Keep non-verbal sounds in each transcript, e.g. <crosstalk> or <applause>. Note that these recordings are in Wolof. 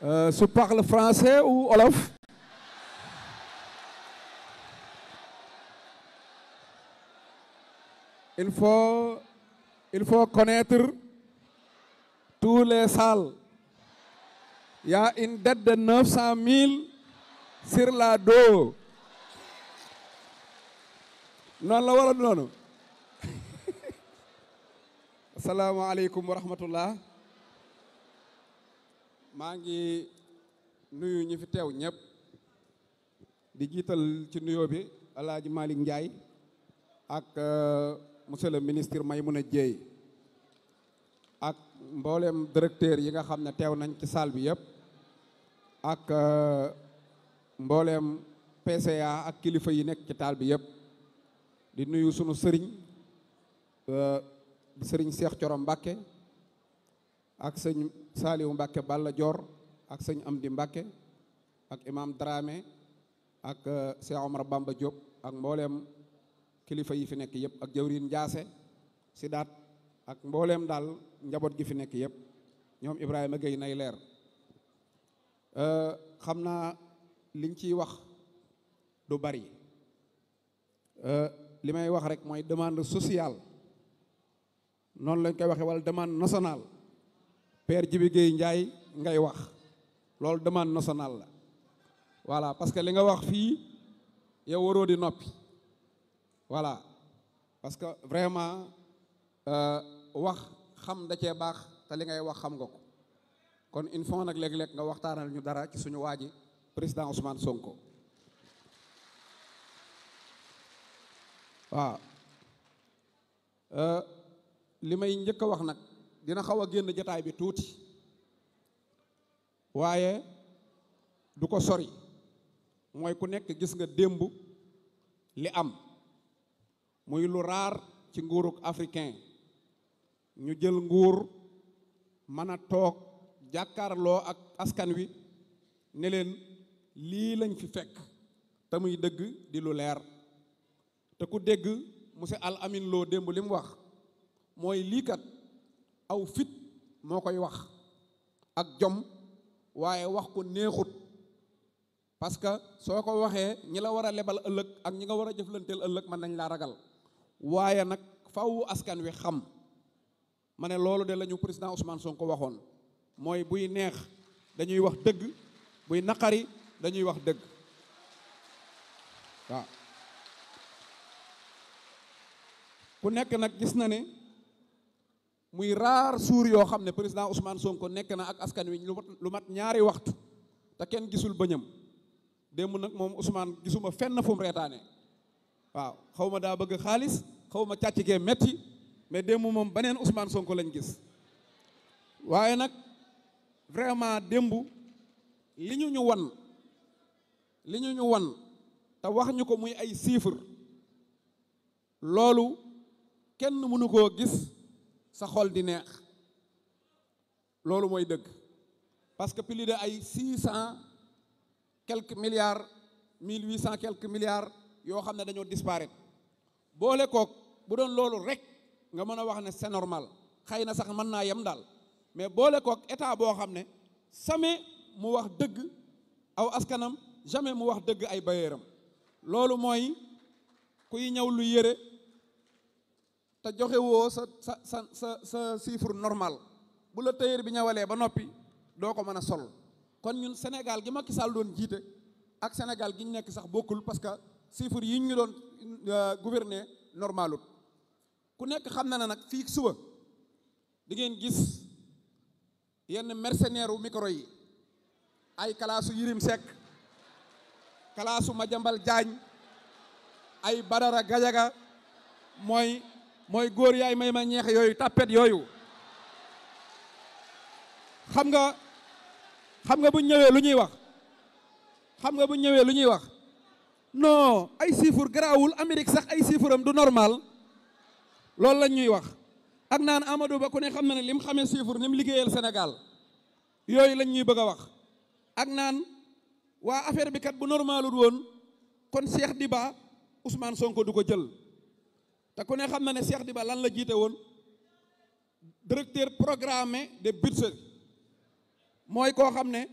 Euh, se parle français ou Olof Il faut, faut connaître tous les salles. Il y une dette de 900 000 sur la dos. noonu la wala noonu. <laughs> asalaamaaleykum wa rahmatullah maa ngi nuyu ñi fi teew ñëpp di jiital ci nuyoo bi El Hadj Malick Ndiaye ak euh, monsieur le ministre may Maymouna Dièye ak mbooleem directeur yi nga xam ne teew nañ ci salle bi yëpp ak euh, mbooleem PCA ak kilifa yi nekk ci taal bi yëpp di nuyu sunu sëriñ euh, sëriñ Cheikh Thioro Mbacké ak sëñ Saliou Mbacke Balla Dior ak sëñ Amdi Mbacke ak imam Dramé ak euh, Cheikh Omar Bamba ak mbooleem kilifa yi fi nekk yëpp ak jawrin Ndiasse Sidaat ak mbooleem daal njaboot gi fi nekk yëpp ñoom Ibrahima Gueye nay leer euh, xam naa liñ ciy wax du bari euh, li may wax rek mooy demande sociale noonu lañ koy waxee wala demande national Père Djibi Gueye Ndiaye ngay wax loolu demande national la voilà parce que li nga wax fii yow waroo di noppi voilà parce que vraiment euh, wax xam da cee baax te li ngay wax xam nga ko kon il faut nag léeg-léeg nga waxtaanal ñu dara ci suñu waa ji président Ousmane Sonko waaw euh, li may njëkk wax nag dina xaw a génn jataay bi tuuti waaye du ko sori mooy ku nekk gis nga démb li am muy lu raar ci nguuruk africain ñu jël nguur mën a toog jàkkaarloo ak askan wi ne leen lii lañ fi fekk te muy dëgg di lu leer te ku dégg monsieur Al Amin démb li wax mooy lii kat aw fit moo koy wax ak jom waaye wax ko neexut parce que soo ko waxee ñi la war a lebal ëllëg ak ñi nga war a jëflanteel ëllëg mën nañ laa ragal waaye nag faw askan wi xam ma ne loolu de lañu ñu président Ousmane Sonko waxoon mooy buy neex dañuy wax dëgg buy naqari dañuy wax dëgg waaw ku nekk nag gis na ne muy raar suur yoo xam ne président Ousmane Sonko nekk na ak askan wi lu mat ñaari waxtu te kenn gisul bëñam démb nag moom Ousmane gisuma fenn fu mu reetaane waaw xaw ma daa bëgg xaalis xaw ma càcc gee metti mais démb moom beneen Ousmane Sonko lañ gis waaye nag vraiment démb li ñu ñu wan li ñu ñu wan te wax ñu ko muy ay chiffres loolu kenn mënu koo gis sa xol di neex loolu mooy dëgg parce que plus de ay six cent quelque milliards mille huit cent quelque milliards yoo xam ne dañoo disparaître boole kook bu doon loolu rek nga mën a wax ne c'est normal xëy na sax mën naa yem daal mais boole kook état boo xam ne jamais mu wax dëgg aw askanam jamais mu wax dëgg ay bayeeram loolu mooy kuy ñëw lu yëre te joxe woo sa sa sa sa sa chiffre normal bu la tailleur bi ñawalee ba noppi doo ko mën a sol kon ñun Sénégal gi Macky Sall doon jiite ak Sénégal gi ñu nekk sax bokkul parce que chiffre yi ñu doon euh, gouverner normalut ku nekk xam na ne nag fii suba di ngeen gis yenn mercenaire u micro yi ay kalaasu Yirim Seck kalaasu Madiambal Diagne ay Badara Gajaga mooy mooy góor yaay may ma ñeex yooyu tàppet yooyu xam nga xam nga bu ñëwee lu ñuy wax xam nga bu ñëwee lu ñuy wax non ay chiffres garaawul Amérique sax ay chiffres am du normal loolu lañ ñuy wax ak naan Amadou Ba ku ne xam na ne lim xamee chiffres ni mu liggéeyal Sénégal yooyu lañ ñuy bëgg a wax ak naan waa affaire bi kat bu normalul woon kon Cheikh ba Ousmane Sonko du ko jël te ku ne xam na ne Cheikh ba lan la jiite woon directeur programmé de budget mooy koo xam ne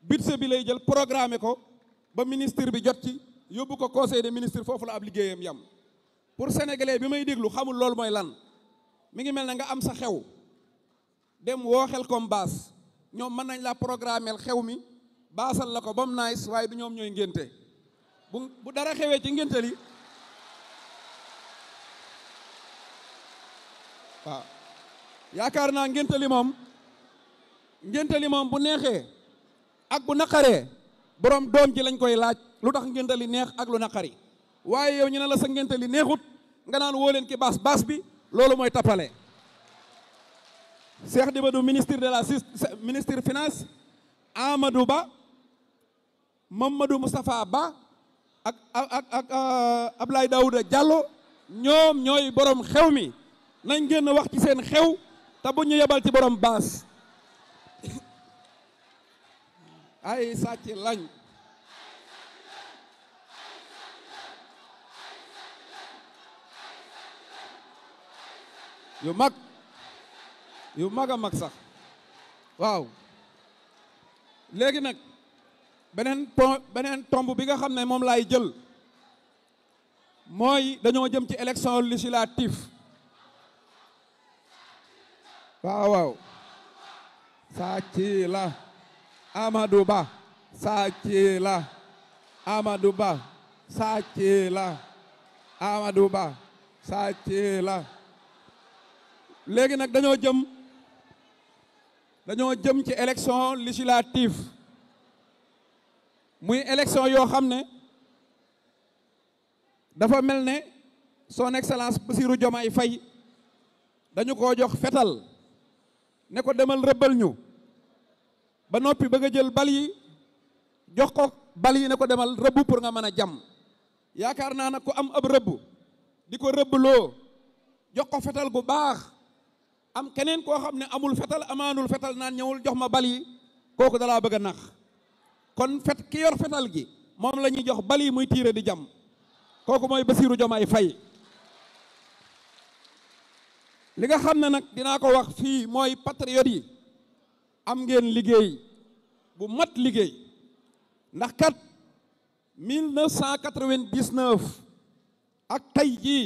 budget bi lay jël programme ko ba ministre bi jot ci yóbbu ko conseil des ministres foofu la ab liggéeyam yam pour sénégalais bi may déglu xamul loolu mooy lan mi ngi mel ne nga am sa xew dem woo xel comme baas ñoom mën nañ laa programmeel xew mi baasal la ko ba mu nice waaye du ñoom ñooy ngénte bu bu dara xewee ci ngénte li waaw yaakaar naa ngénte li moom ngénte li moom bu neexee ak bu naqaree borom doom ji lañ koy laaj lu tax ngénte li neex ak lu naqari waaye yow ñu ne la sa ngénte li neexut nga naan woo leen ki baas baas bi loolu mooy tapale tappale Cheikh Dibadou ministre de la ministre finance Amadou Ba Mamadou Moustapha Ba ak ak ak euh, Abdoulaye Daouda Diallo ñoom ñooy borom xew mi nañ génn wax ci seen xew te bu ñu yebal ci borom baas ay sàcc lañ yu mag yu mag a mag sax waaw léegi nag beneen po beneen tomb bi nga xam ne moom laay jël mooy dañoo jëm ci élection législative waaw waaw sàcci la Amadou Ba sàcci la Amadou Ba sàcci la Amadou Ba sàcci la léegi nag dañoo jëm dañoo jëm ci élection législative muy élection yoo xam ne dafa mel ne son excellence Bassirou Diomaye fay dañu ko jox fetal ne ko demal rëbbal ñu ba noppi bëgg a jël bal jox ko bal yi ne ko demal rëbb pour nga mën a jam yaakaar naa nag ku am ab rëbb di ko rëbbloo jox ko fetal gu baax am keneen koo xam ne amul fetal amaanul fetal naan ñëwul jox ma bal yi kooku dalaa bëgg a nax kon fet ki yor fetal gi moom la ñuy jox bal yi muy tiire di jam kooku mooy Bassirou Diomaye fay li nga xam ne nag dinaa ko wax fii mooy patriote yi am ngeen liggéey bu mat liggéey ndax kat 1999 ak tey jii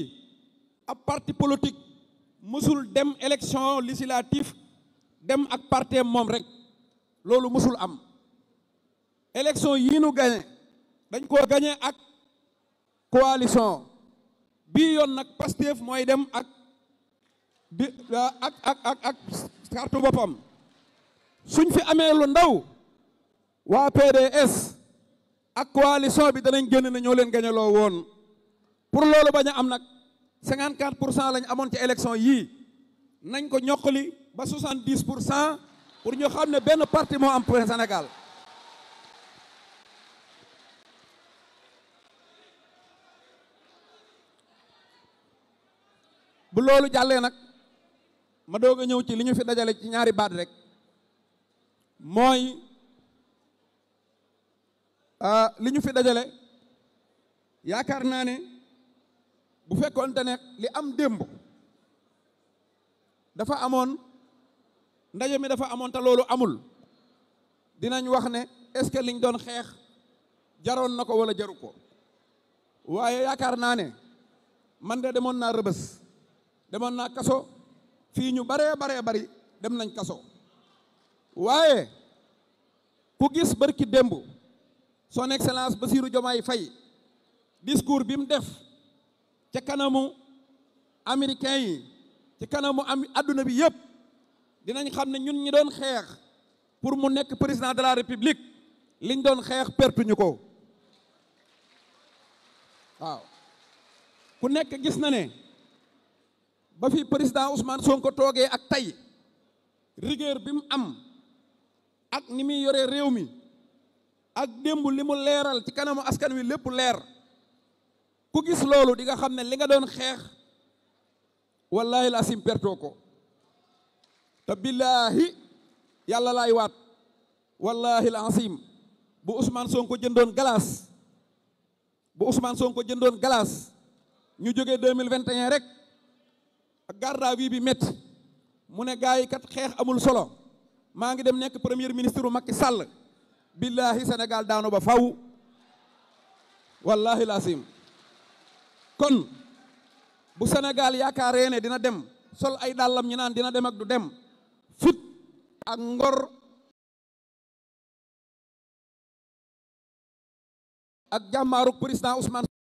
ab parti politique mësul dem élection législative dem ak parti moom rek loolu mësul am élection yii nu gañe dañ koo gañe ak coalition bii yoon nag Pastef mooy dem ak bi ah, ak ak ak ak carte boppam suñ fi amee lu ndaw waa PDS ak coalition bi danañ génn ne ñoo leen gañaloo woon pour loolu bañ a am nag 54 pour cent lañ amoon ci élection yii nañ ko ñoqali ba 70 pour cent pour ñu xam ne benn parti moo am pour Sénégal bu loolu jàllee nag ma doog a ñëw ci li ñu fi dajale ci ñaari baat rek mooy li ñu fi dajale yaakaar naa ne bu fekkoonte ne li am démb dafa amoon ndaje mi dafa amoon ta loolu amul dinañ wax ne est-ce que liñ doon xeex jaroon na ko wala jaru ko waaye yaakaar naa ne man de demoon naa rëbës demoon naa kaso fii ñu baree baree bari dem nañ kaso waaye ku gis barki démb son excellence Bassirou Diomaye Faye discours bi mu def ca kanamu américain yi ci kanamu am adduna bi yëpp dinañ xam ne ñun ñi doon xeex pour mu nekk président de la république liñ doon xeex pertuñu ko waaw ku nekk gis na ne ba fi président Ousmane Sonko toogee ak tey rigueur bi mu am ak ni muy yore réew mi ak démb li mu leeral ci kanamu askan wi lépp leer ku gis loolu di nga xam ne li nga doon xeex wallahi la sim pertoo ko te billaahi yàlla laay waat wallahi la asim bu Ousmane Sonko jëndoon galaas bu Ousmane Sonko jëndoon galaas ñu jóge deux mille vingt rek ak garde à bi métti mu ne gars yi kat xeex amul solo maa ngi dem nekk premier ministre Macky Sall billahi Sénégal daanu ba faw wallahi laasim kon bu Sénégal yaakaaree ne dina dem sol ay dàllam ñu naan dina dem ak du dem fit ak ngor ak jàmmaaruk président Ousmane